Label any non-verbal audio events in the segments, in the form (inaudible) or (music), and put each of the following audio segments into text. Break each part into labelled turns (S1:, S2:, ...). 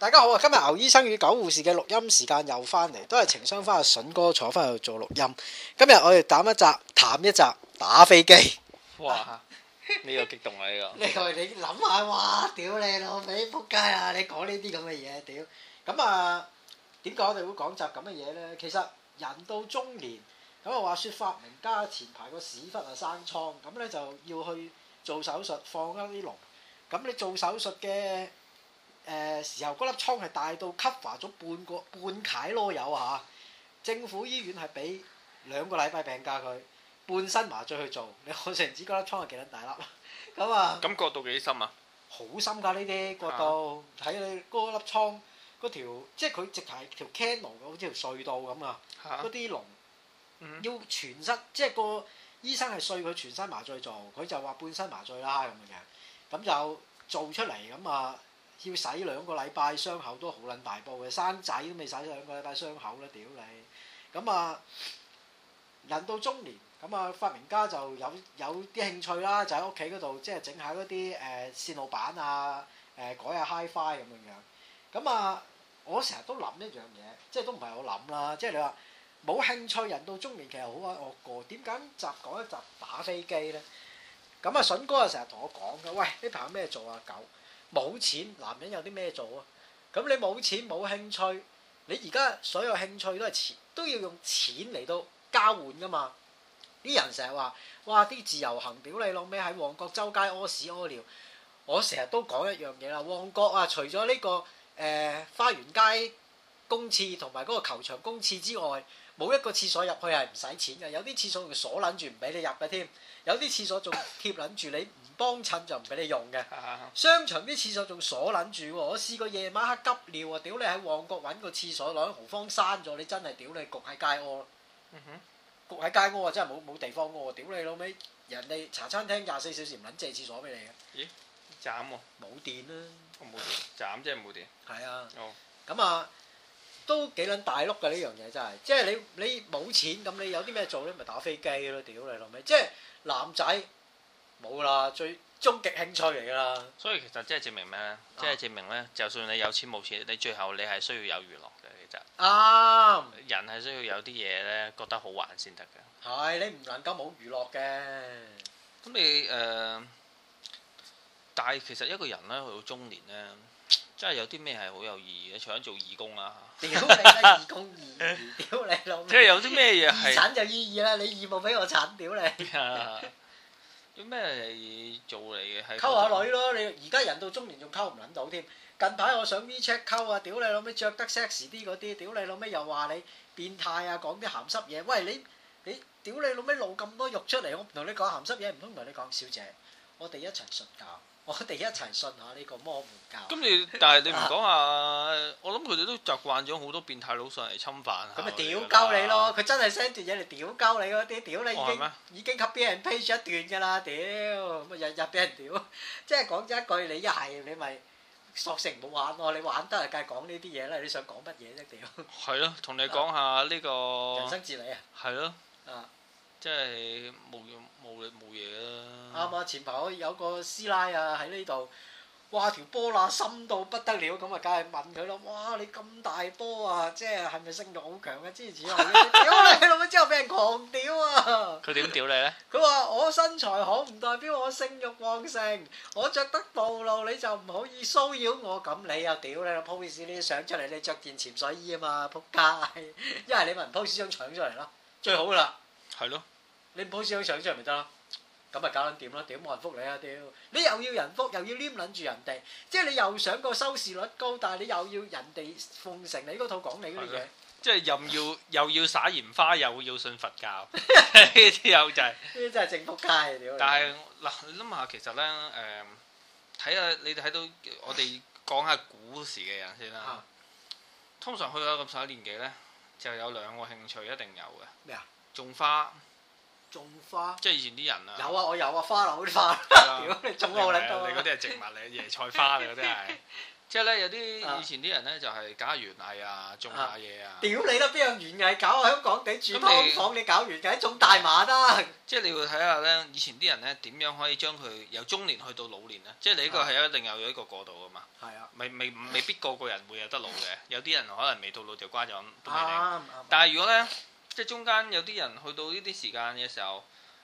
S1: 大家好啊！今日牛醫生與狗護士嘅錄音時間又翻嚟，都係情商翻阿笋哥坐翻去做錄音。今日我哋打一集，談一集，打飛機。
S2: 哇！呢個激動啊！呢個呢個
S1: 你諗下，哇！屌你老味，扑街啊！你講呢啲咁嘅嘢，屌！咁啊，點解我哋會講集咁嘅嘢咧？其實人到中年，咁啊，話說發明家前排個屎忽啊生瘡，咁咧就要去做手術，放一啲膿。咁你做手術嘅？誒、呃、時候嗰粒瘡係大到 cover 咗半個半攰籮柚嚇，政府醫院係俾兩個禮拜病假佢，半身麻醉去做。你可想而知嗰粒瘡係幾粒大粒
S2: 咁啊？感覺到幾深啊？
S1: 好深㗎！呢啲角度睇、啊、你嗰粒瘡嗰條，即係佢直頭係條 canal，好似條隧道咁啊！嗰啲龍要全身，即係個醫生係碎佢全身麻醉做，佢就話半身麻醉啦，咁嘅樣咁就做出嚟咁啊！要洗兩個禮拜，傷口都好撚大波嘅，生仔都未洗兩個禮拜傷口咧，屌你！咁啊，人到中年，咁啊，發明家就有有啲興趣啦，就喺屋企嗰度即係整下嗰啲誒線路板啊，誒、呃、改下 Hi-Fi 咁樣樣。咁啊，我成日都諗一樣嘢，即係都唔係我諗啦，即係你話冇興趣，人到中年其實好閪惡過，點解一集講一集打飛機咧？咁啊，筍哥啊成日同我講嘅，喂，呢排有咩做啊，狗。」冇錢，男人有啲咩做啊？咁你冇錢冇興趣，你而家所有興趣都係錢，都要用錢嚟到交換噶嘛？啲人成日話：哇！啲自由行表你老味？喺旺角周街屙屎屙尿。我成日都講一樣嘢啦，旺角啊，除咗呢、這個誒、呃、花園街公廁同埋嗰個球場公廁之外，冇一個廁所入去係唔使錢嘅，有啲廁所用鎖撚住唔俾你入嘅添，有啲廁所仲貼撚住你。幫襯就唔俾你用嘅，商場啲廁所仲鎖撚住喎！我試過夜晚黑急尿啊，屌你喺旺角揾個廁所，攞豪方閂咗，你真係屌你焗喺街屙咯！焗喺街屙啊，真係冇冇地方屙喎！屌你老味，人哋茶餐廳廿四小時唔撚借廁所俾你嘅。咦？
S2: 慘喎！冇電啦！我冇電，慘即係冇電。
S1: 係啊！哦，咁啊，都幾撚大碌㗎呢樣嘢真係，即係你你冇錢咁，你有啲咩做咧？你咪打飛機咯！屌你老味，即係男仔。冇
S2: 啦，最終極興趣嚟噶啦。所以其實即係證明咩咧？即係證明咧，就算你有錢冇錢，你最後你係需要有娛樂嘅其實。
S1: 啱。
S2: 人係需要有啲嘢咧，覺得好玩先得嘅。
S1: 係，你唔能夠冇娛樂嘅。
S2: 咁你誒，但係其實一個人咧去到中年咧，真係有啲咩係好有意義嘅，除咗做義工啦。屌你啦，義工二，屌你老。即係有啲咩嘢係？鏟
S1: 就意義啦，你義務俾我鏟，屌你。
S2: 咩做你嘅？係溝下女
S1: 咯，你而家人到中年仲溝唔撚到添？近排我上 WeChat 溝啊，屌你老味着得 sexy 啲嗰啲，屌你老味又話你變態啊，講啲鹹濕嘢，喂，你你屌你老味露咁多肉出嚟，我唔同你講鹹濕嘢，唔通唔同你講小姐，我哋一齊瞓覺。我哋一齊信下呢個魔門教。
S2: 咁你，但係你唔講下，我諗佢哋都習慣咗好多變態佬上嚟侵犯。咁咪屌鳩
S1: 你咯！佢真係 send 段嘢嚟屌鳩你嗰啲，屌你已經已經俾人 page 咗一段㗎啦！屌，咁啊日日俾人屌，即係講咗一句，你係你咪索性唔好玩喎！你玩得係，梗係講呢啲嘢啦！你想講乜嘢啫？屌。
S2: 係咯，同你講下呢個人生哲理啊。係咯。即係冇用冇嘢冇嘢啦！啱啊，前
S1: 排我有個師奶啊喺呢度，哇條波乸深到不得了，咁啊梗係問佢咯，哇你咁大波啊，即係係咪性慾好強嘅？之前屌你，咁之後俾人狂屌啊！
S2: 佢點屌你咧？
S1: 佢話我身材好唔代表我性慾旺盛，我著得暴露你就唔可以騷擾我。咁你又屌你啦，Post 你啲相出嚟你著件潛水衣啊嘛，撲街！因為你咪 Post 張相出嚟咯，
S2: 最好啦～係
S1: 咯，你唔好先上一張咪得啦，咁咪搞撚點咯？點冇人覆你啊？屌！你又要人覆，又要黏撚住人哋，即係你又想個收視率高，但係你又要人哋奉承你嗰套講你嗰啲嘢，
S2: 即係又要又要撒鹽花，又要信佛教，呢啲又就係呢啲
S1: 真係正仆街啊！屌！但係
S2: 嗱，你諗下其實咧，誒睇下你哋睇到我哋講下古時嘅人先啦。通常去到咁上下年紀咧，就有兩個興趣一定有嘅。咩啊？種花，種花，即係以前啲人啊，有
S1: 啊，我有啊，花樓啲花，
S2: 屌你種我好叻多你嗰啲係植物嚟，椰菜花嗰啲係，即係咧有啲以前啲人咧就係搞下園藝啊，種下嘢啊，
S1: 屌你啦，邊有園藝搞啊？香港地住劏房，
S2: 你搞完梗種大麻啦。即係你要睇下咧，以前啲人咧點樣可以將佢由中年去到老年咧？即係你呢個係一定有有一個過渡噶嘛？係啊，未未未必個個人會有得老嘅，有啲人可能未到老條瓜就咁都啊，但係如果咧。即係中間有啲人去到呢啲時間嘅時候，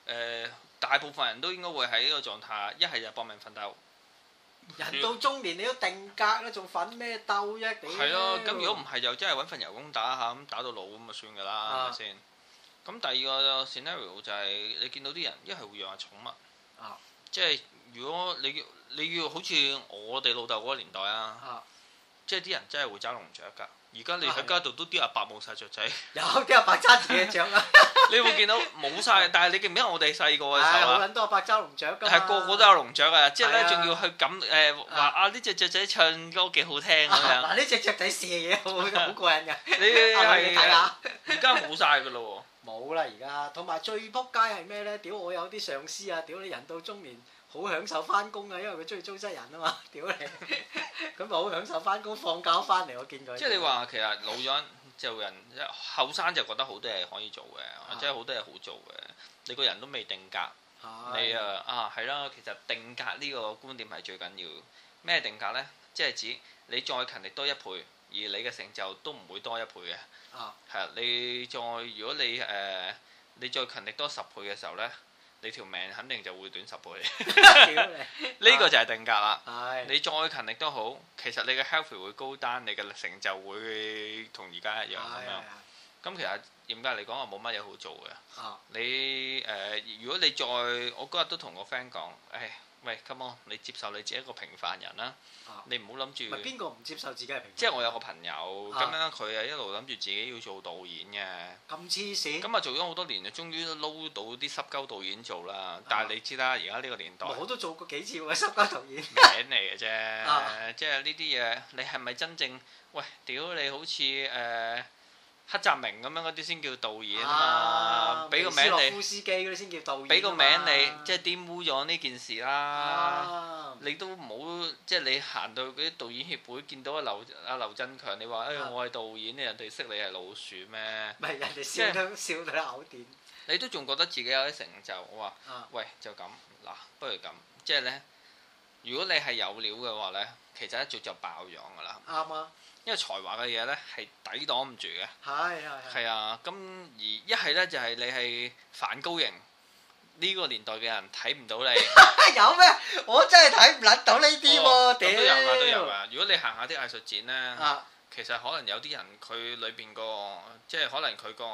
S2: 誒、呃，大部分人都應該會喺呢個狀態，一係就搏命奮鬥。人到
S1: 中年你都定格啦，仲奮咩鬥啫？係咯，咁如果唔
S2: 係就真係揾份油工打下咁，打到老咁就算噶啦，係咪先？咁第二個 scenario 就係、是、你見到啲人一係會養下寵物，啊、即係如果你你要好似我哋老豆嗰個年代啊，即係啲人真係會揸籠雀噶。而家你喺街度都啲阿伯冇晒雀仔， (laughs) 有啲阿伯揸住嘅雀啊！爸爸 (laughs) (laughs) 你會見到冇晒，但係你記唔記得我哋細個嘅係啊，好撚
S1: 多阿伯揸龍雀，係、哎、個
S2: 個都有龍雀、 (laughs) 呃、啊！之後咧仲要去咁誒話啊呢隻雀仔唱歌幾好聽咁樣。嗱呢隻雀仔射嘢好，好過癮㗎。 (laughs) 你係而家冇晒㗎啦喎，
S1: 冇啦，而家。同埋 (laughs) (laughs) 最撲街係咩咧？屌我有啲上司啊，屌你人到中年。好享受翻工啊，因為佢中意租失人啊嘛，屌你！咁咪好享受翻工，放假翻嚟我見佢。即係你話
S2: 其實老咗就人，後生 (laughs) 就覺得好多嘢可以做嘅，即係好多嘢好做嘅。你個人都未定格，
S1: 你啊
S2: 啊係啦，其實定格呢個觀點係最緊要。咩定格呢？即係指你再勤力多一倍，而你嘅成就都唔會多一倍嘅。係啊，你再如果你誒、呃，你再勤力多十倍嘅時候呢，你條命肯定就會短十倍，呢個就係定格啦。 (laughs) 你再勤力都好，其實你嘅 health 會高單，你嘅成就會同而家一樣咁 (laughs) 樣。咁其實嚴格嚟講，我冇乜嘢好做嘅。 (laughs) 你誒、呃，如果你再，我嗰日都同個 friend 講，誒、哎。喂，come on，你接受你自己一個平凡人啦，啊、你唔好諗住。咪邊個唔接受自己係平凡人？即係我有個朋友，咁、啊、樣佢啊一路諗住自己要做導演嘅。咁黐線。咁啊做咗好多年啊，終於撈到啲濕鳩導演做啦，但係、啊、你知啦，而家呢個年代。我都做過幾次喎，濕鳩導演。名嚟嘅啫，啊、即係呢啲嘢，你係咪真正？喂，屌你好似誒。呃。黑澤明咁樣嗰啲先叫導演啊嘛，俾、啊、個名你。斯洛夫
S1: 斯基嗰啲先叫導演。俾個名你，
S2: 即係玷污咗呢件事啦。啊、你都唔好，即、就、係、是、你行到嗰啲導演協會，見到阿劉阿劉振強，你話：哎，我係導演，你、啊、人哋識你係老鼠咩？唔係人哋笑都
S1: 笑到咬、就
S2: 是、點？你都仲覺得自己有啲成就？我話，啊、喂，就咁嗱，不如咁，即係咧，如果你係有料嘅話咧。其實一做就爆咗噶啦，啱啊！因為才華嘅嘢咧係抵擋唔住
S1: 嘅，係係
S2: 係啊！咁、啊啊、而一係咧就係、是、你係反高型呢、這個年代嘅人睇唔到你，
S1: (laughs) 有咩？我真係睇唔甩到呢啲喎！屌、哦，都有噶都爹有啊！
S2: 如果你行下啲藝術展咧，啊、其實可能有啲人佢裏邊個即係可能佢個誒、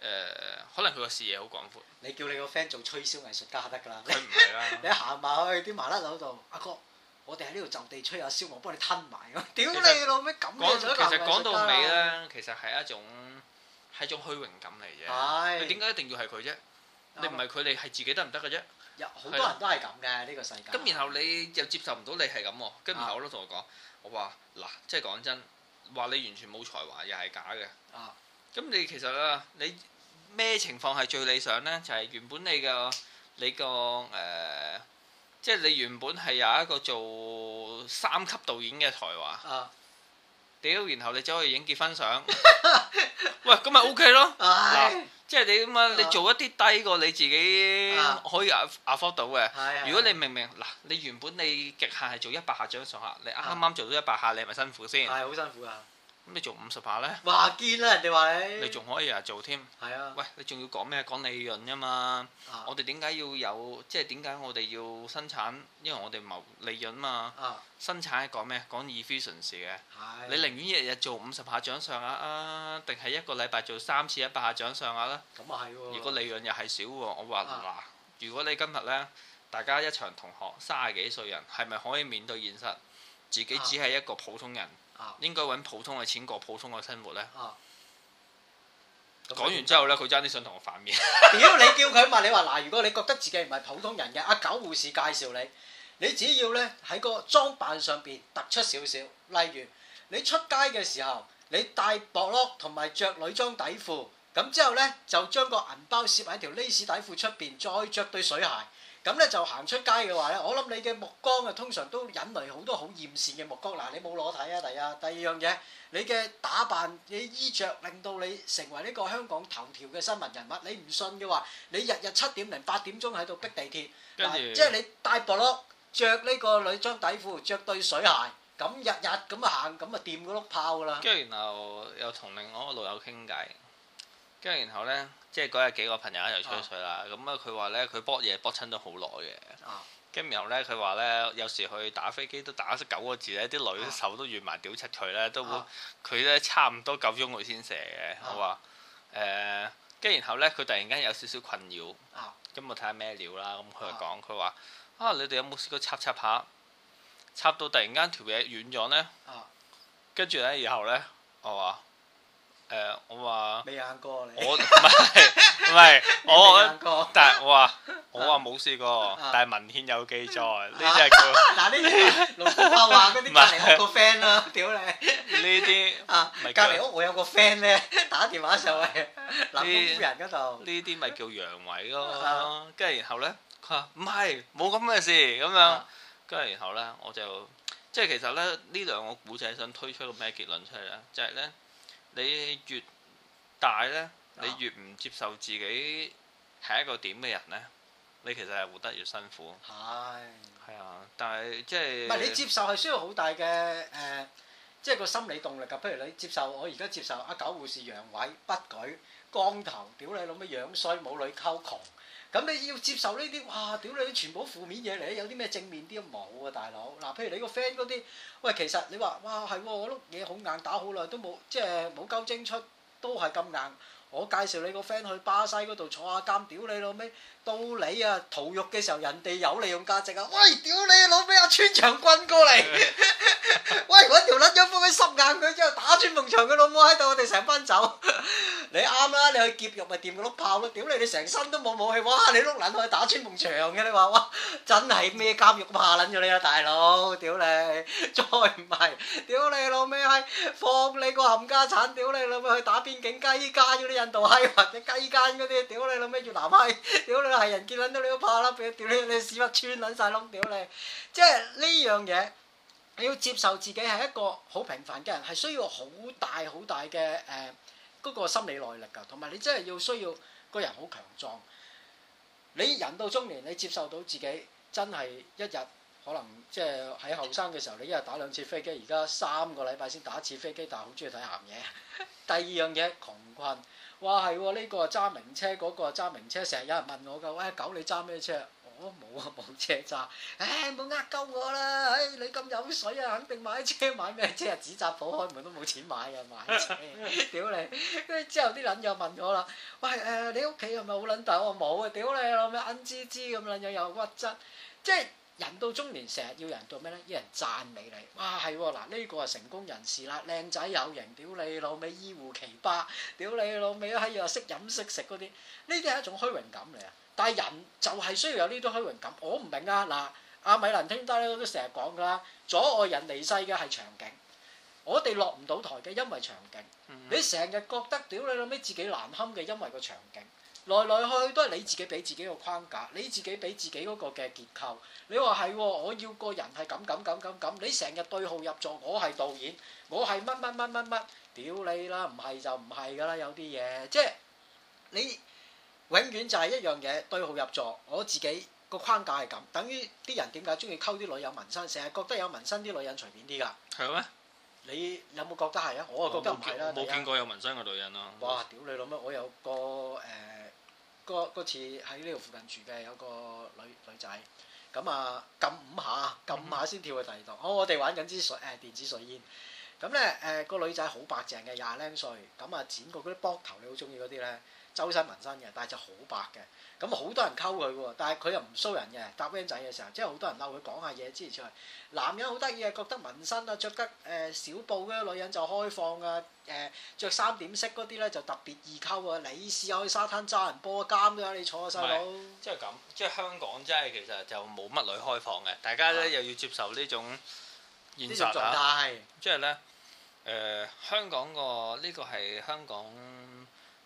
S2: 呃、可能佢個視野好廣闊。
S1: 你叫你個 friend 做吹簫藝術家得㗎啦， (laughs) 你行埋去啲麻甩佬度，阿哥。我哋喺呢度就地吹啊，消磨幫你吞埋咁，屌你老味咁嘅，其實講到尾咧，
S2: 其實係一種係是種虛榮感嚟嘅。是你點解一定要係佢啫？
S1: 你唔係
S2: 佢哋係自己得唔得嘅啫？好多人都係咁嘅呢個世界。咁然後你又接受唔到你係咁喎，然我跟住後都同我講，啊、我話嗱，即係講真，話你完全冇才華又係假嘅。啊！咁你其實啊，你咩情況係最理想咧？就係、是、原本你個你個誒。呃呃即係你原本係有一個做三級導演嘅才華，屌、啊！然後你走去影結婚相， (laughs) 喂咁咪 O K 咯。嗱，即係你咁啊！你，啊你做一啲低過你自己可以 afford 到嘅。啊、如果你明唔明？嗱、啊，你原本你極限係做一百下掌上下，啊、你啱啱做到一百下，你係咪辛苦先？係好辛苦噶。咁你做五十下呢？話堅啦，人哋話你。你仲可以日日做添。係啊。喂，你仲要講咩？講利潤啫嘛。啊、我哋點解要有？即係點解我哋要生產？因為我哋謀利潤啊嘛。啊。生產係講咩？講 efficiency 嘅。啊、你寧願日日做五十下掌上額啊？定係一個禮拜做三次一百下掌上額呢、啊？咁又係喎。
S1: 如果利潤
S2: 又係少喎，我話嗱，啊啊、如果你今日呢，大家一場同學，三十幾歲人，係咪可以面對現實？自己只係一個普通人。啊、應該揾普通嘅錢過普通嘅生活呢。啊、講完之後呢，佢爭啲想同我反面。
S1: 屌 (laughs) 你叫佢嘛？你話嗱、呃，如果你覺得自己唔係普通人嘅，阿、啊、狗護士介紹你，你只要呢，喺個裝扮上邊突出少少。例如你出街嘅時候，你戴薄褸同埋着女裝底褲，咁之後呢，就將個銀包攝喺條呢士底褲出邊，再着對水鞋。咁咧就行出街嘅話咧，我諗你嘅目光啊，通常都引嚟好多好厭視嘅目光。嗱，你冇攞睇啊，第一，第二樣嘢，你嘅打扮、你衣著，令到你成為呢個香港頭條嘅新聞人物。你唔信嘅話，你日日七點零八點鐘喺度逼地鐵，嗱，即係你戴薄碌，著呢個女裝底褲，著對水鞋，咁日日咁啊行，
S2: 咁啊掂嗰碌炮㗎啦。跟住然後又同另外一個老友傾偈。跟住然後呢，即係嗰日幾個朋友一齊吹水啦。咁啊，佢話呢，佢搏嘢搏親都好耐嘅。跟住然後呢，佢話呢，有時去打飛機都打咗九個字呢，啲女手都軟埋屌出佢呢，都佢呢，差唔多九鐘佢先射嘅。我話誒，跟住然後呢，佢突然間有少少困擾。咁我睇下咩料啦。咁佢就講佢話啊，你哋有冇試過插插下，插到突然間條嘢軟咗呢？」跟住呢，然後呢，我話。誒，我話未硬過你，我唔係唔係我，但係我話我話冇試過，但係文獻有記載呢啲係叫嗱，呢啲龍虎拍話嗰啲隔籬屋個
S1: friend 咯，屌你
S2: 呢啲啊隔籬屋我有個 friend
S1: 咧打電話上去係南
S2: 方富人嗰度呢啲咪叫陽痿咯，跟住然後咧佢話唔係冇咁嘅事咁樣，跟住然後咧我就即係其實咧呢兩個古仔想推出個咩結論出嚟咧？就係咧。你越大咧，你越唔接受自己係一個點嘅人咧，你其實係活得越辛苦。係。係啊，但係即係。唔係你接
S1: 受係需要好大嘅誒、呃，即係個心理動力㗎。譬如你接受我而家接受阿九護士陽痿不舉光頭屌你老母樣衰冇女溝窮。咁你要接受呢啲，哇！屌你，全部負面嘢嚟，有啲咩正面啲冇啊，大佬。嗱、啊，譬如你個 friend 嗰啲，喂，其實你話，哇，係喎，碌嘢好硬，打好耐都冇，即係冇鳩精出，都係咁硬。我介紹你個 friend 去巴西嗰度坐下監，屌你老味，到你啊屠肉嘅時候，人哋有利用價值啊！喂，屌你老味，阿穿牆棍過嚟， (laughs) (laughs) 喂，揾條甩張幫佢濕硬佢之後打穿牆棍佢老母喺度，我哋成班走。 (laughs) (laughs) 你啱啦，你去劫獄咪掂到碌炮咯？屌你，你成身都冇武器，哇！你碌撚去打穿埲牆嘅，你話哇，真係咩監獄怕撚咗你啊，大佬！屌你！再唔係，屌你老味閪！放你個冚家鏟！屌你老味去打邊境雞奸嗰啲印度閪混，啲雞奸嗰啲！屌你老味越南閪！屌你，係人見撚到你都怕啦！嘢，屌你，你屎忽穿撚晒窿，屌你！即係呢樣嘢，你要接受自己係一個好平凡嘅人，係需要好大好大嘅誒。嗰個心理耐力㗎，同埋你真係要需要個人好強壯。你人到中年，你接受到自己真係一日可能即係喺後生嘅時候，你一日打兩次飛機，而家三個禮拜先打一次飛機，但係好鍾意睇鹹嘢。第二樣嘢窮困，哇係喎，呢個揸名車，嗰個揸名車，成日有人問我㗎，喂，狗你揸咩車？冇啊，冇車揸，唉，冇呃鳩我啦，唉，你咁有水啊，肯定買車買咩車啊？紙紮鋪開門都冇錢買啊，買車，屌你！跟住之後啲撚又問我啦，喂誒，你屋企係咪好撚大？我冇啊，屌你老味，恩滋滋咁撚樣又屈質，即係人，人到中年成日要人做咩咧？要人讚美你，哇係喎，嗱呢個係成功人士啦，靚仔有型，屌你老味衣護其八，屌你老味喺又識飲識食嗰啲，呢啲係一種虛榮感嚟啊！但係人就係需要有呢啲虛榮感，我唔明啊！嗱，阿米蘭汀德咧都成日講㗎喇，阻礙人離世嘅係場景，我哋落唔到台嘅，因為場景。你成日覺得屌你老味自己難堪嘅，因為個場景，來來去去都係你自己俾自己個框架，你自己俾自己嗰個嘅結構。你話係，我要個人係咁咁咁咁咁，你成日對號入座，我係導演，我係乜乜乜乜乜，屌你啦，唔係就唔係㗎喇，有啲嘢即係你。永遠就係一樣嘢對號入座，我自己個框架係咁，等於啲人點解中意溝啲女人有紋身，成日覺得有紋身啲女人隨便啲㗎。係咩嗎？你有冇覺得係啊？我又覺得唔係啦。冇冇見，一見
S2: 過有紋身嘅女人啊？哇！屌你老母！我有個
S1: 誒，嗰次喺呢度附近住嘅有個女女仔，咁啊撳五下，撳五下先跳去第二度。嗯、哼哦，我哋玩緊支水誒電子水煙，咁咧誒個女仔好白淨嘅，廿零歲，咁啊剪過嗰啲波頭你，你好中意嗰啲咧。周身紋身嘅，但係就好白嘅，咁好多人溝佢喎，但係佢又唔騷人嘅。搭 w i n 仔嘅時候，即係好多人嬲佢講下嘢之前出去男人好得意嘅，覺得紋身啊，着得誒、呃、小布嘅女人就開放啊，誒、呃、著三點式嗰啲咧就特別易溝啊。你試下去沙灘揸人波監㗎，你坐細佬。即係咁，即、就、係、是就
S2: 是、香港真係其實就冇乜女開放嘅，大家咧、啊、又要接受呢種現實狀態。即係咧，誒、呃、香港個呢、這個係香港。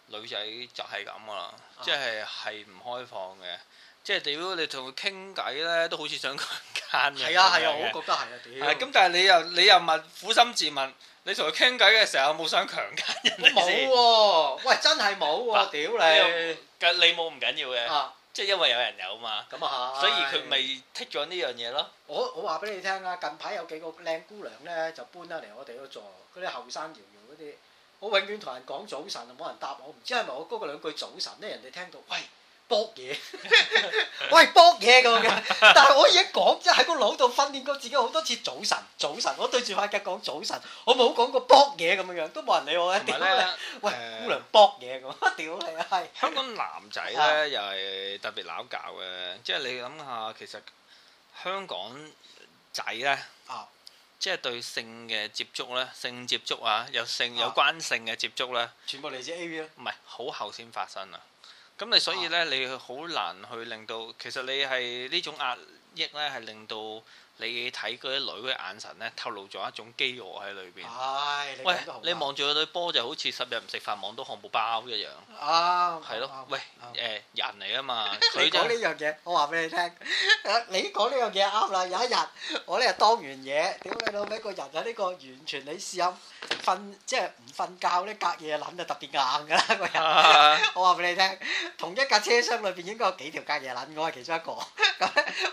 S2: 女仔就係咁噶啦，即係係唔開放嘅，即係屌你同佢傾偈咧，都好似想強奸嘅。係啊係啊，我覺得係啊。係咁、啊，但係你又你又問苦心自問，你同佢傾偈嘅時候有冇想強奸人？冇喎，喂真係冇喎，屌、啊、你！你冇唔緊要嘅，啊、即係因為有人有嘛，咁啊，所以佢咪剔咗呢樣嘢咯。
S1: 我我話俾你聽啊，近排有幾個靚姑娘咧就搬得嚟我哋嗰座，嗰啲後生搖搖嗰啲。我永遠同人講早晨，冇人答我。唔知係咪我嗰個兩句早晨咧，人哋聽到喂卜嘢，
S2: 喂卜嘢咁樣。但係我已經
S1: 講，即係喺個腦度訓練過自己好多次早晨，早晨。我對住塊鏡講早晨，我冇講過卜嘢咁樣樣，都冇人理我。一定喂姑娘卜嘢咁。屌你係
S2: 香港男仔咧，又係特別鬧交嘅。即係你諗下，其實香港仔咧啊。即係對性嘅接觸咧，性接觸啊，有性有關性嘅接觸咧，全部嚟自 AV 咯，唔係，好後先發生啊。咁你所以咧，啊、你好難去令到，其實你係呢種壓抑咧，係令到。你睇佢啲女嘅眼神咧，透露咗一種飢餓喺裏邊。
S1: 係，喂，你
S2: 望住佢對波就好似十日唔食飯，望到漢堡包一樣。
S1: 啱。
S2: 係咯，喂，誒，人嚟啊嘛。你講呢樣
S1: 嘢，我話俾你聽。你講呢樣嘢啱啦。有一日，我呢日當完嘢，屌你老味個人啊！呢個完全你試下瞓，即係唔瞓覺咧，隔夜撚就特別硬㗎啦。個
S2: 人，
S1: 我話俾你聽，同一架車廂裏邊應該有幾條隔夜撚，我係其中一個。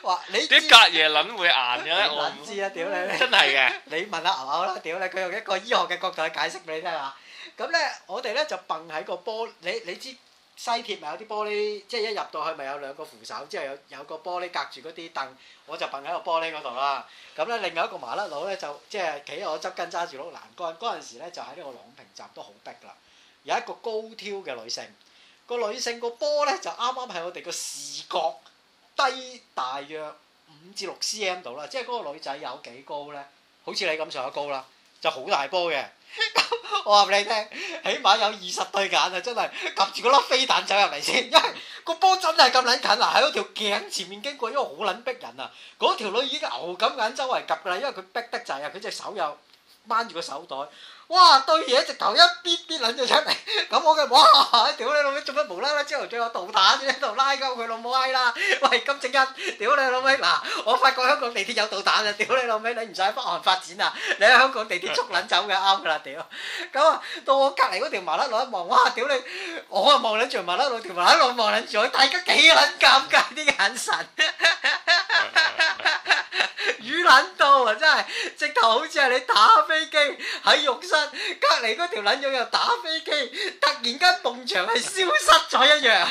S2: 話你啲隔夜撚會硬嘅，我知啊屌你，真係嘅。你
S1: 問下牛牛啦，屌你，佢用一個醫學嘅角度去解釋俾你聽下。咁咧，我哋咧就蹦喺個玻，你你知西鐵咪有啲玻璃，即係一入到去咪有兩個扶手，之後有有個玻璃隔住嗰啲凳，我就蹦喺個玻璃嗰度啦。咁咧，另外一個麻甩佬咧就即係企喺我側跟揸住碌欄杆嗰陣時咧，就喺呢個朗屏站都好逼啦。有一個高挑嘅女性，個女性個波咧就啱啱係我哋個視覺低大約五至六 cm 度啦，即係嗰個女仔有幾高咧？好似你咁上得高啦，就好大波嘅。 (laughs) 我話俾你聽，起碼有二十對眼啊！真係夾住嗰粒飛彈走入嚟先，因為個波真係咁撚近嗱，喺條頸前面經過，因為好撚逼人啊！嗰條女已經牛咁眼周圍夾啦，因為佢逼得滯啊，佢隻手又～掹住個手袋，哇堆嘢直頭一啲啲撚咗出嚟，咁我嘅哇，屌你老味，做乜無啦啦朝頭早有導彈喺度拉鳩佢老母閪啦！喂金正恩，屌你老味，嗱我發覺香港地鐵有導彈啦，屌你老味，你唔使喺北韓發展啦，你喺香港地鐵速撚走嘅啱啦屌！咁啊到我隔離嗰條麻甩佬一望，哇屌你，我啊望撚住麻甩佬，條麻甩佬望撚住我，大家幾撚尷尬啲眼神？撚到啊，真係直頭好似係你打飛機喺浴室隔籬嗰條撚友又打飛機，突然間夢場係消失咗一樣，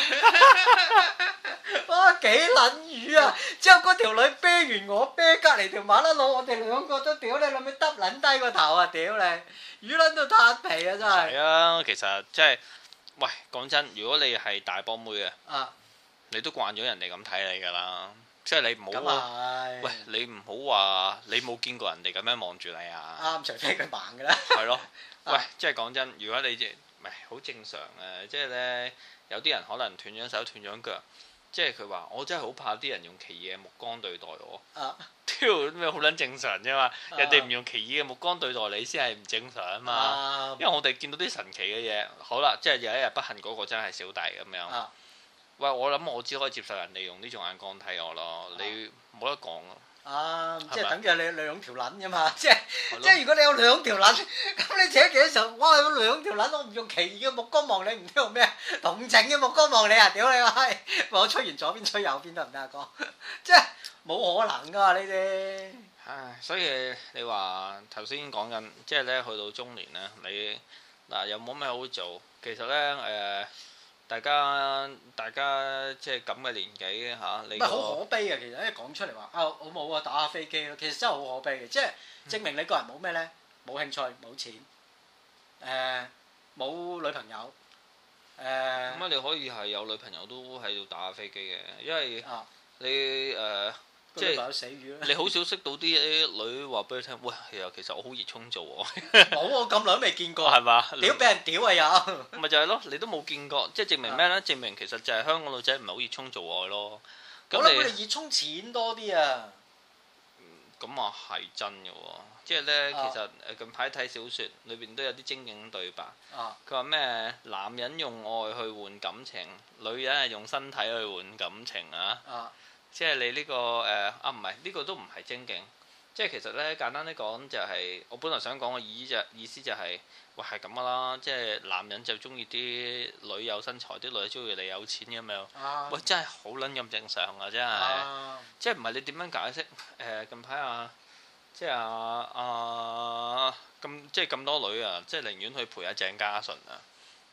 S1: 哇、 (laughs) (laughs) 哦、幾撚瘀啊！之後嗰條女啤完我啤隔籬條馬騮佬，我哋兩個都屌你諗住耷撚低個頭啊！屌你瘀撚到塌皮啊！真係係
S2: 啊，其實即係喂，講真，如果你係大波妹啊，你都慣咗人哋咁睇你噶啦。即係你唔好話喂，你唔好話你冇見過人哋咁樣望住你啊！啱，
S1: 除非佢盲
S2: 嘅啦。係咯，喂， (laughs) 即係講真，如果你即係好正常啊！即係咧，有啲人可能斷咗手、斷咗腳，即係佢話我真係好怕啲人用奇異嘅目光對待我。 (laughs) (laughs) 啊，屌咩好撚正常啫嘛！人哋唔用奇異嘅目光對待你先係唔正常啊嘛！因為我哋見到啲神奇嘅嘢，好啦，即係有一日不幸嗰個真係小弟咁樣。 (laughs) 喂，我諗我只可以接受人哋用呢種眼光睇我咯，你冇得講咯。
S1: 啊，即係等住你兩條撚啫嘛，即係即係如果你有兩條撚，咁你扯旗嘅時候，我有兩條撚，我唔用歧義嘅目光望你，唔知道咩同情嘅目光望你啊！屌你閪，我吹完左邊吹右邊得唔得啊哥？
S2: 即係冇可能噶嘛呢啲。唉，所以你話頭先講緊，即係咧去到中年咧，你嗱又冇咩好做？其實咧誒。大家大家即係咁嘅年紀嘅嚇，你唔係好可
S1: 悲嘅其實，一講出嚟話啊，我冇啊，打下飛機咯，其實真係好可悲嘅，即係證明你個人冇咩呢，冇興趣，冇錢，誒，冇女朋友，
S2: 誒咁啊，你可以係有女朋友都喺度打下飛機嘅，因為你誒。即係你好少識到啲女話俾佢聽，喂，其實其實我好熱衷做喎。冇，我咁耐都未見過，係嘛？屌，俾人屌啊又。咪就係咯，你都冇見過，即係證明咩咧？證明其實就係香港女仔唔係好熱衷做愛咯。咁你佢熱
S1: 衷錢多啲啊。
S2: 咁啊，係真嘅喎。即係呢，其實近排睇小説，裏邊都有啲精英對白。佢話咩？男人用愛去換感情，女人係用身體去換感情啊。即係你呢、這個誒、呃、啊，唔係呢個都唔係正經。即係其實咧，簡單啲講就係、是，我本來想講嘅意就意思就係、是，喂係咁噶啦。即係男人就中意啲女有身材，啲女就中意你有錢咁樣。嗯啊、喂，真係好撚咁正常啊，真係。啊、即係唔係你點樣解釋？誒、呃、近排啊，即係啊啊咁，即係咁多女啊，即係寧願去陪阿鄭嘉純啊。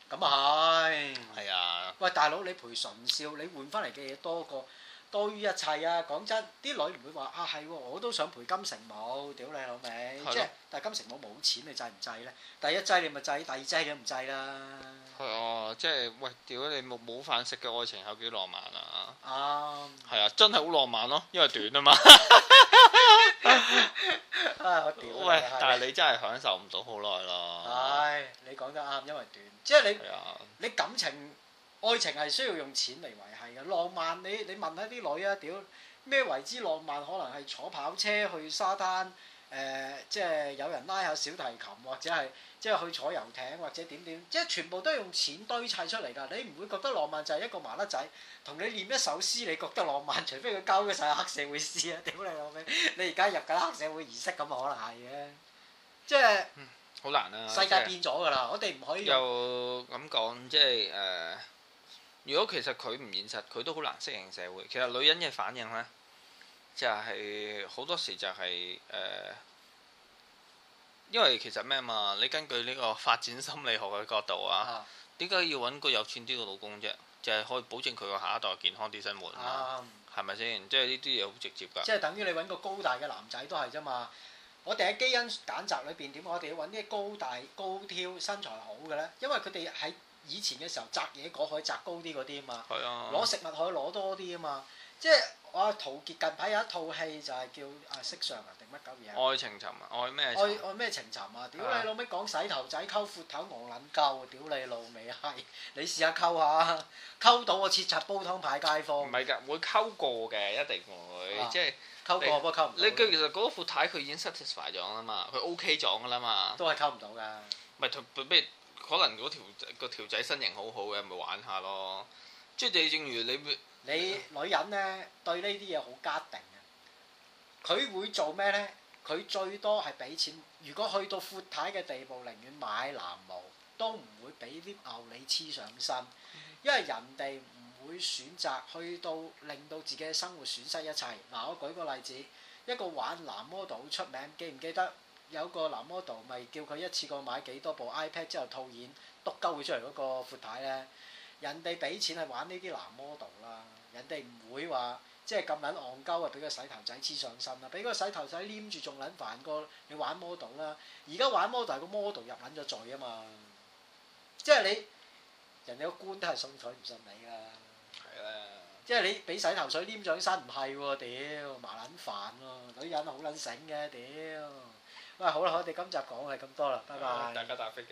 S2: 咁啊
S1: 係。係、嗯、啊。喂，大佬，你陪純少，你換翻嚟嘅嘢多過多於一切啊！講真，啲女唔會話啊係喎，我都、啊、想陪金城武，屌你老味！即係，但係金城武冇錢，你制唔制咧？
S2: 第一制你咪制，
S1: 第二制你唔制啦。
S2: 係啊，即係喂，屌你冇冇飯食嘅愛情有幾浪漫啊？啊。係啊，真係好浪漫咯，因為短啊嘛。啊，我屌！喂，但係你真係享受唔到好耐咯。唉，
S1: 你講得啱，因為短，即係你係啊你感情。愛情係需要用錢嚟維繫嘅浪漫，你你問下啲女啊，屌咩為之浪漫？可能係坐跑車去沙灘，誒、呃，即係有人拉下小提琴，或者係即係去坐遊艇或者點點，即係全部都係用錢堆砌出嚟㗎。你唔會覺得浪漫就係一個麻甩仔同你唸一首詩，你覺得浪漫？除非佢交嘅晒黑社會詩啊，屌你老味！你而家入緊黑社會儀式咁啊，可能係嘅。即係
S2: 好難啊！世界變咗㗎啦，就是、我哋唔可以又咁講，即係誒。呃如果其實佢唔現實，佢都好難適應社會。其實女人嘅反應呢，就係、是、好多時就係、是、誒、呃，因為其實咩嘛？你根據呢個發展心理學嘅角度啊，點解、啊、要揾個有錢啲嘅老公啫？就係、是、可以保證佢個下一代健康啲生活啊，係咪先？即係呢啲嘢好直接噶。即係等於
S1: 你揾個高大嘅男仔都係啫嘛。我哋喺基因揀擇裏邊點？我哋要揾啲高大高挑身材好嘅呢？因為佢哋喺。以前嘅時候摘嘢可以摘高啲嗰啲啊嘛，
S2: 係啊，攞食
S1: 物可以攞多啲啊嘛，即係我阿陶傑近排有一套戲就係叫《啊色上》啊定乜鳩
S2: 嘢？愛情沉啊，愛咩？愛
S1: 愛咩情沉啊？屌你老味講洗頭仔溝闊頭戇撚鳩，屌你老味係，你試下溝下，
S2: 溝到我切拆煲湯派街坊。唔係㗎，會溝過嘅一定會，即係溝過不過溝唔到。你佢其實嗰個闊太佢已經 satisfied 咗啦嘛，佢 OK 咗㗎啦嘛。都係溝唔到㗎。唔係佢咩？可能嗰條條仔身型好好嘅，咪玩下咯。即係正如你，
S1: 你女人咧、嗯、對呢啲嘢好家定啊。佢會做咩咧？佢最多係俾錢。如果去到闊太嘅地步，寧願買男模，都唔會俾啲牛李黐上身。因為人哋唔會選擇去到令到自己嘅生活損失一切。嗱、呃，我舉個例子，一個玩男 model 好出名，記唔記得？有個男 model 咪叫佢一次過買幾多部 iPad 之後套現督鳩佢出嚟嗰個闊太咧，人哋俾錢去玩呢啲男 model 啦，人哋唔會話即係咁撚戇鳩啊！俾個洗頭仔黐上身啦，俾個洗頭仔黏住仲撚煩過你玩 model 啦。而家玩 model 個 model 入撚咗罪啊嘛！即係你人哋個官都係信佢唔信
S2: 你噶、啊，
S1: 係啦的。即係你俾洗頭水黏咗起身唔係喎，屌、啊、麻撚煩喎、啊，女人好撚醒嘅屌。喂，好啦，我哋今集講係咁多喇，拜拜。大
S2: 家搭飛機。